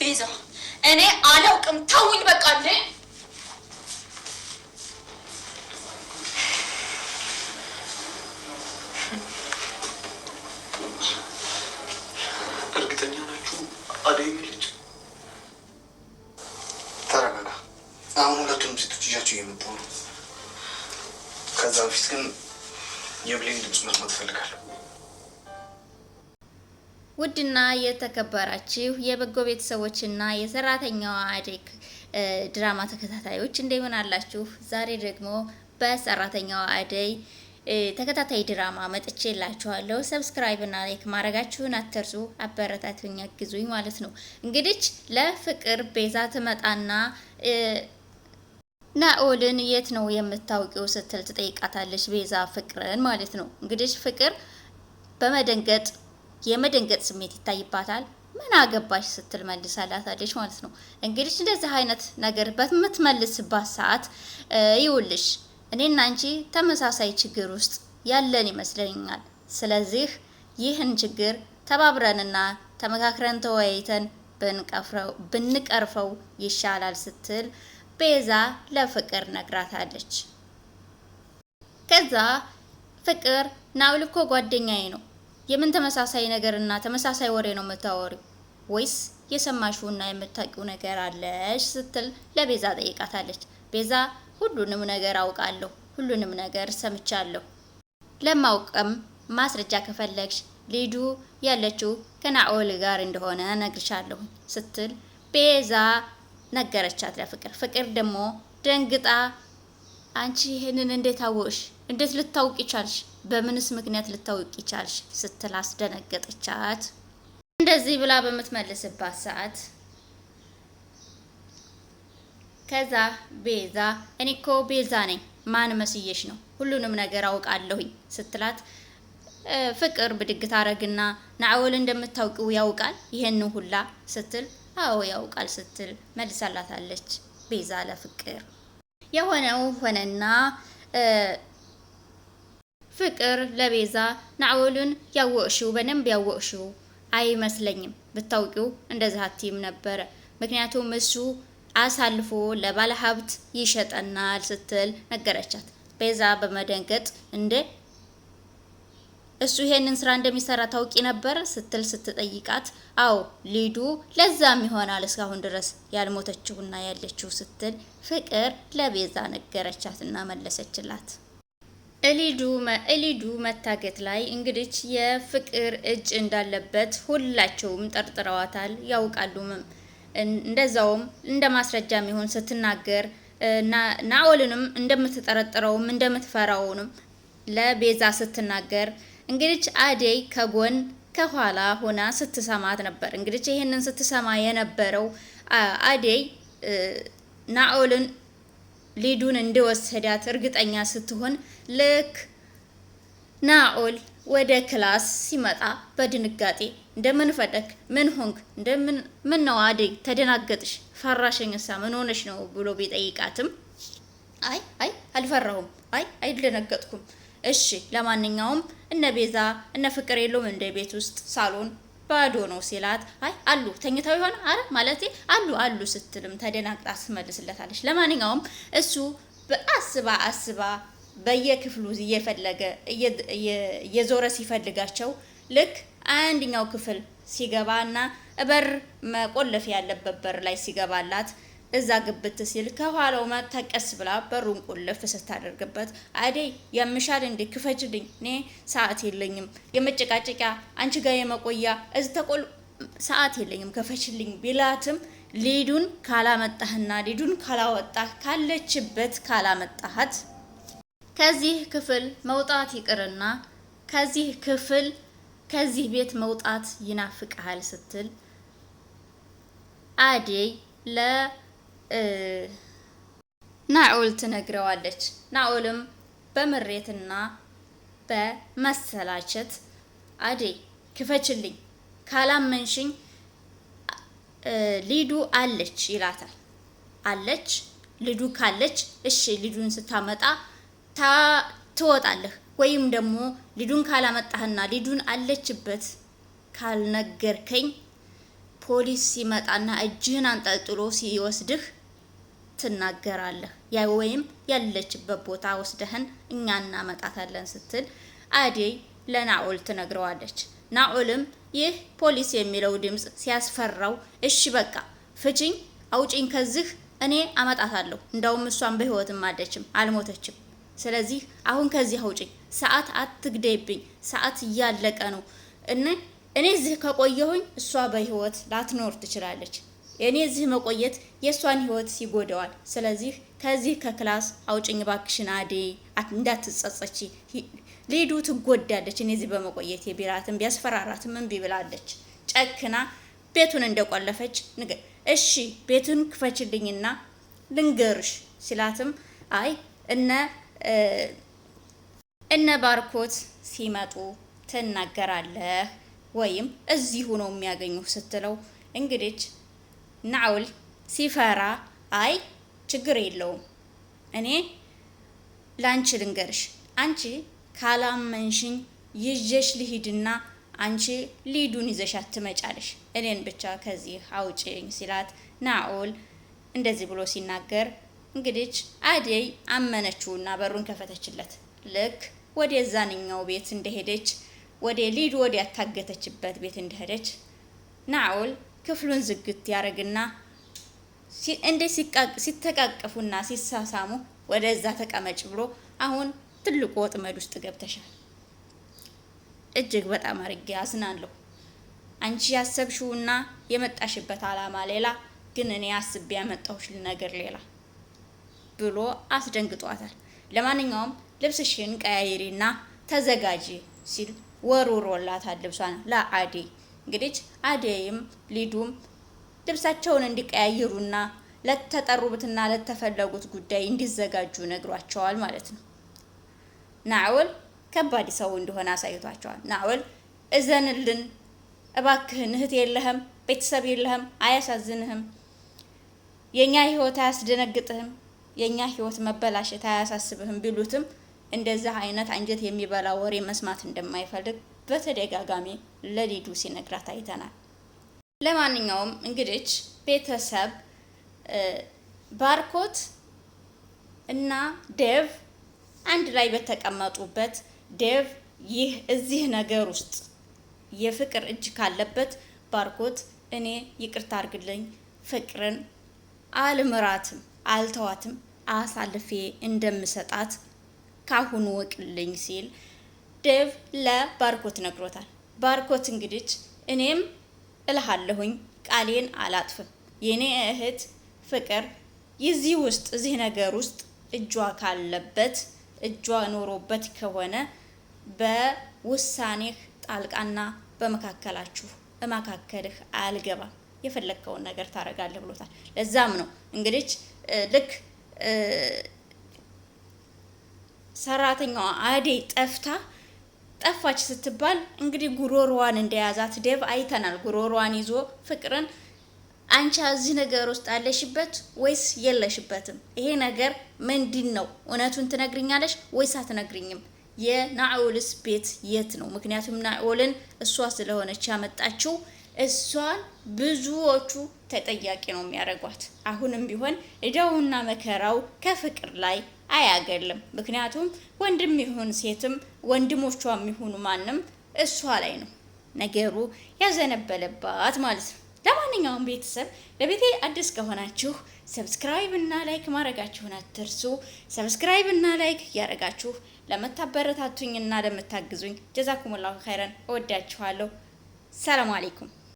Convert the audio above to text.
ቤዛ እኔ አላውቅም። ተውኝ በቃ እንዴ! እርግጠኛ ናችሁ አደይ ልጅ? ተረጋጋ። አሁን ሁለቱንም ሴቶች እያቸው እየመጡ ነው። ከዛ በፊት ግን የብሌን ድምፅ መስማት እፈልጋለሁ። ውድና የተከበራችሁ የበጎ ቤተሰቦችና የሰራተኛዋ አደይ ድራማ ተከታታዮች እንደምን አላችሁ? ዛሬ ደግሞ በሰራተኛዋ አደይ ተከታታይ ድራማ መጥቼ ላችኋለሁ። ሰብስክራይብ እና ላይክ ማድረጋችሁን አትርሱ። አበረታቱኝ፣ አግዙኝ ማለት ነው። እንግዲች ለፍቅር ቤዛ ትመጣና ናኦልን የት ነው የምታውቂው ስትል ትጠይቃታለች። ቤዛ ፍቅርን ማለት ነው። እንግዲች ፍቅር በመደንገጥ የመደንገጥ ስሜት ይታይባታል። ምን አገባሽ ስትል መልሳላታለች ማለት ነው። እንግዲህ እንደዚህ አይነት ነገር በምትመልስባት ሰዓት ይውልሽ እኔና አንቺ ተመሳሳይ ችግር ውስጥ ያለን ይመስለኛል። ስለዚህ ይህን ችግር ተባብረንና ተመካክረን ተወያይተን ብንቀርፈው ይሻላል ስትል ቤዛ ለፍቅር ነግራታለች። ከዛ ፍቅር ናውልኮ ጓደኛዬ ነው የምን ተመሳሳይ ነገርና ተመሳሳይ ወሬ ነው የምታወሪው ወይስ የሰማሽውና የምታውቂው ነገር አለሽ ስትል ለቤዛ ጠይቃታለች። ቤዛ ሁሉንም ነገር አውቃለሁ፣ ሁሉንም ነገር ሰምቻለሁ፣ ለማውቅም ማስረጃ ከፈለግሽ ሊዱ ያለችው ከናኦል ጋር እንደሆነ ነግርሻለሁ ስትል ቤዛ ነገረቻት ለፍቅር። ፍቅር ደግሞ ደንግጣ አንቺ ይህንን እንዴት አወቅሽ? እንዴት ልታውቂ በምንስ ምክንያት ልታውቂ ቻልሽ ስትል አስደነገጠቻት። እንደዚህ ብላ በምትመልስባት ሰዓት ከዛ ቤዛ እኔ እኮ ቤዛ ነኝ፣ ማን መስየሽ ነው? ሁሉንም ነገር አውቃለሁኝ ስትላት ፍቅር ብድግ ታረግና ናአወል እንደምታውቂው ያውቃል ይሄን ሁላ ስትል አዎ ያውቃል ስትል መልሳላታለች ቤዛ ለፍቅር የሆነው ሆነና ፍቅር ለቤዛ ናኦልን ያወቅሽው በደንብ ያወቅሽው አይመስለኝም። ብታውቂው እንደዚህ አትይም ነበረ። ምክንያቱም እሱ አሳልፎ ለባለ ሀብት ይሸጠናል ስትል ነገረቻት። ቤዛ በመደንገጥ እንደ እሱ ይሄንን ስራ እንደሚሰራ ታውቂ ነበር ስትል ስትጠይቃት፣ አዎ ሊዱ ለዛም ይሆናል እስካሁን ድረስ ያልሞተችውና ያለችው ስትል ፍቅር ለቤዛ ነገረቻትና መለሰችላት። ኤሊዱ መታገት ላይ እንግዲች የፍቅር እጅ እንዳለበት ሁላቸውም ጠርጥረዋታል ያውቃሉም። እንደዛውም እንደ ማስረጃ የሚሆን ስትናገር ናኦልንም እንደምትጠረጥረውም እንደምትፈራውንም ለቤዛ ስትናገር እንግዲች አደይ ከጎን ከኋላ ሆና ስትሰማት ነበር። እንግዲህ ይህንን ስትሰማ የነበረው አደይ ናኦልን ሊዱን እንደወሰዳት እርግጠኛ ስትሆን ልክ ናኦል ወደ ክላስ ሲመጣ በድንጋጤ እንደምን ፈለክ? ምን ሆንክ? እንደምን ምን ነው አደይ ተደናገጥሽ? ፈራሸኝሳ ምን ሆነሽ ነው ብሎ ቢጠይቃትም አይ አይ አልፈራሁም፣ አይ አይደነገጥኩም። እሺ ለማንኛውም እነ ቤዛ እነ ፍቅር የሉም እንደ ቤት ውስጥ ሳሎን ባዶ ነው ሲላት፣ አይ አሉ ተኝተው ይሆን አረ ማለቴ አሉ አሉ ስትልም ተደናግጣ ትመልስለታለች። ለማንኛውም እሱ በአስባ አስባ በየክፍሉ እየፈለገ እየዞረ ሲፈልጋቸው ልክ አንድኛው ክፍል ሲገባ እና በር መቆለፍ ያለበት በር ላይ ሲገባላት እዛ ግብት ሲል ከኋላው መተቀስ ብላ በሩን ቁልፍ ስታደርግበት አደይ የምሻል እንዴ ክፈችልኝ፣ እኔ ሰዓት የለኝም፣ የመጨቃጨቂያ አንቺ ጋር የመቆያ እዚ ተቆል ሰዓት የለኝም ክፈችልኝ ቢላትም ሊዱን ካላመጣህና ሊዱን ካላወጣህ ካለችበት ካላመጣሃት ከዚህ ክፍል መውጣት ይቅርና ከዚህ ክፍል ከዚህ ቤት መውጣት ይናፍቅሃል ስትል አደይ ለናኦል ትነግረዋለች። ናኦልም በምሬትና በመሰላቸት አዴይ ክፈችልኝ ካላመንሽኝ ሊዱ አለች ይላታል። አለች ሊዱ ካለች እሺ ሊዱን ስታመጣ ትወጣለህ ወይም ደግሞ ሊዱን ካላመጣህና ሊዱን አለችበት ካልነገርከኝ ፖሊስ ሲመጣና እጅህን አንጠልጥሎ ሲወስድህ ትናገራለህ። ያ ወይም ያለችበት ቦታ ወስደህን እኛ እናመጣታለን ስትል አዴ ለናኦል ትነግረዋለች። ናኦልም ይህ ፖሊስ የሚለው ድምፅ ሲያስፈራው እሺ በቃ ፍቺኝ አውጪኝ ከዚህ እኔ አመጣታለሁ። እንዳውም እሷን በህይወትም አለችም አልሞተችም ስለዚህ አሁን ከዚህ አውጭኝ፣ ሰዓት አትግደይብኝ፣ ሰዓት እያለቀ ነው እና እኔ እዚህ ከቆየሁኝ እሷ በህይወት ላትኖር ትችላለች። እኔ እዚህ መቆየት የእሷን ህይወት ይጎዳዋል። ስለዚህ ከዚህ ከክላስ አውጭኝ ባክሽን አደይ፣ እንዳትጸጸች፣ ሊዱ ትጎዳለች። እኔ እዚህ በመቆየት የቢራትን ቢያስፈራራትም እምቢ ብላለች። ጨክና ቤቱን እንደቆለፈች ንገ እሺ ቤቱን ክፈችልኝና ልንገርሽ ሲላትም አይ እነ እነ ባርኮት ሲመጡ ትናገራለህ ወይም እዚሁ ነው የሚያገኙ ስትለው እንግዲህ ናውል ሲፈራ አይ ችግር የለውም እኔ ላንቺ ልንገርሽ፣ አንቺ ካላመንሽኝ ይዤሽ ልሂድና አንቺ ሊዱን ይዘሻት ትመጫለሽ፣ እኔን ብቻ ከዚህ አውጪኝ ሲላት ናኦል እንደዚህ ብሎ ሲናገር እንግዲህ አደይ አመነችውና በሩን ከፈተችለት። ልክ ወደ ዛንኛው ቤት እንደሄደች ወደ ሊድ ወደ ያታገተችበት ቤት እንደሄደች ናኦል ክፍሉን ዝግት ያደርግና እንደ ሲተቃቀፉና ሲሳሳሙ ወደዛ ተቀመጭ ብሎ አሁን ትልቁ ወጥመድ ውስጥ ገብተሻል። እጅግ በጣም አርጌ አዝናለሁ። አንቺ ያሰብሽውና የመጣሽበት አላማ ሌላ፣ ግን እኔ አስቤ ያመጣሁሽ ነገር ሌላ ብሎ አስደንግጧታል። ለማንኛውም ልብስሽን ቀያይሪና ተዘጋጂ ሲል ወርውሮላታል ልብሷን ለአደይ። እንግዲህ አደይም ሊዱም ልብሳቸውን እንዲቀያይሩና ለተጠሩበትና ለተፈለጉት ጉዳይ እንዲዘጋጁ ነግሯቸዋል ማለት ነው። ናውል ከባድ ሰው እንደሆነ አሳይቷቸዋል። ናውል እዘንልን እባክህን፣ እህት የለህም፣ ቤተሰብ የለህም፣ አያሳዝንህም፣ የእኛ ህይወት አያስደነግጥህም የእኛ ህይወት መበላሸት አያሳስብህም ቢሉትም እንደዚህ አይነት አንጀት የሚበላ ወሬ መስማት እንደማይፈልግ በተደጋጋሚ ለሊዱ ሲነግራት አይተናል። ለማንኛውም እንግዲች ቤተሰብ ባርኮት እና ዴቭ አንድ ላይ በተቀመጡበት ዴቭ ይህ እዚህ ነገር ውስጥ የፍቅር እጅ ካለበት ባርኮት እኔ ይቅርታ አርግልኝ ፍቅርን አልምራትም አልተዋትም፣ አሳልፌ እንደምሰጣት ካሁኑ ወቅልኝ ሲል ዴቭ ለባርኮት ነግሮታል። ባርኮት እንግዲህ እኔም እልሃለሁኝ ቃሌን አላጥፍም፣ የእኔ እህት ፍቅር የዚህ ውስጥ እዚህ ነገር ውስጥ እጇ ካለበት እጇ ኖሮበት ከሆነ በውሳኔህ ጣልቃና በመካከላችሁ እማካከልህ አልገባም የፈለግከውን ነገር ታደርጋለህ ብሎታል። ለዛም ነው እንግዲህ ልክ ሰራተኛዋ አደይ ጠፍታ ጠፋች ስትባል እንግዲህ ጉሮሮዋን እንደያዛት ዴቭ አይተናል። ጉሮሮዋን ይዞ ፍቅርን አንቺ እዚህ ነገር ውስጥ አለሽበት ወይስ የለሽበትም? ይሄ ነገር ምንድን ነው? እውነቱን ትነግርኛለሽ ወይስ አትነግርኝም? የናኦልስ ቤት የት ነው? ምክንያቱም ናኦልን እሷ ስለሆነች ያመጣችው እሷን ብዙዎቹ ተጠያቂ ነው የሚያደርጓት። አሁንም ቢሆን እዳውና መከራው ከፍቅር ላይ አያገልም። ምክንያቱም ወንድም ይሁን ሴትም ወንድሞቿ የሚሆኑ ማንም እሷ ላይ ነው ነገሩ ያዘነበለባት ማለት ነው። ለማንኛውም ቤተሰብ ለቤቴ አዲስ ከሆናችሁ ሰብስክራይብ እና ላይክ ማድረጋችሁን አትርሱ። ሰብስክራይብ እና ላይክ እያደረጋችሁ ለምታበረታቱኝ እና ለምታግዙኝ ጀዛኩሙላሁ ኸይረን እወዳችኋለሁ። ሰላም አሌይኩም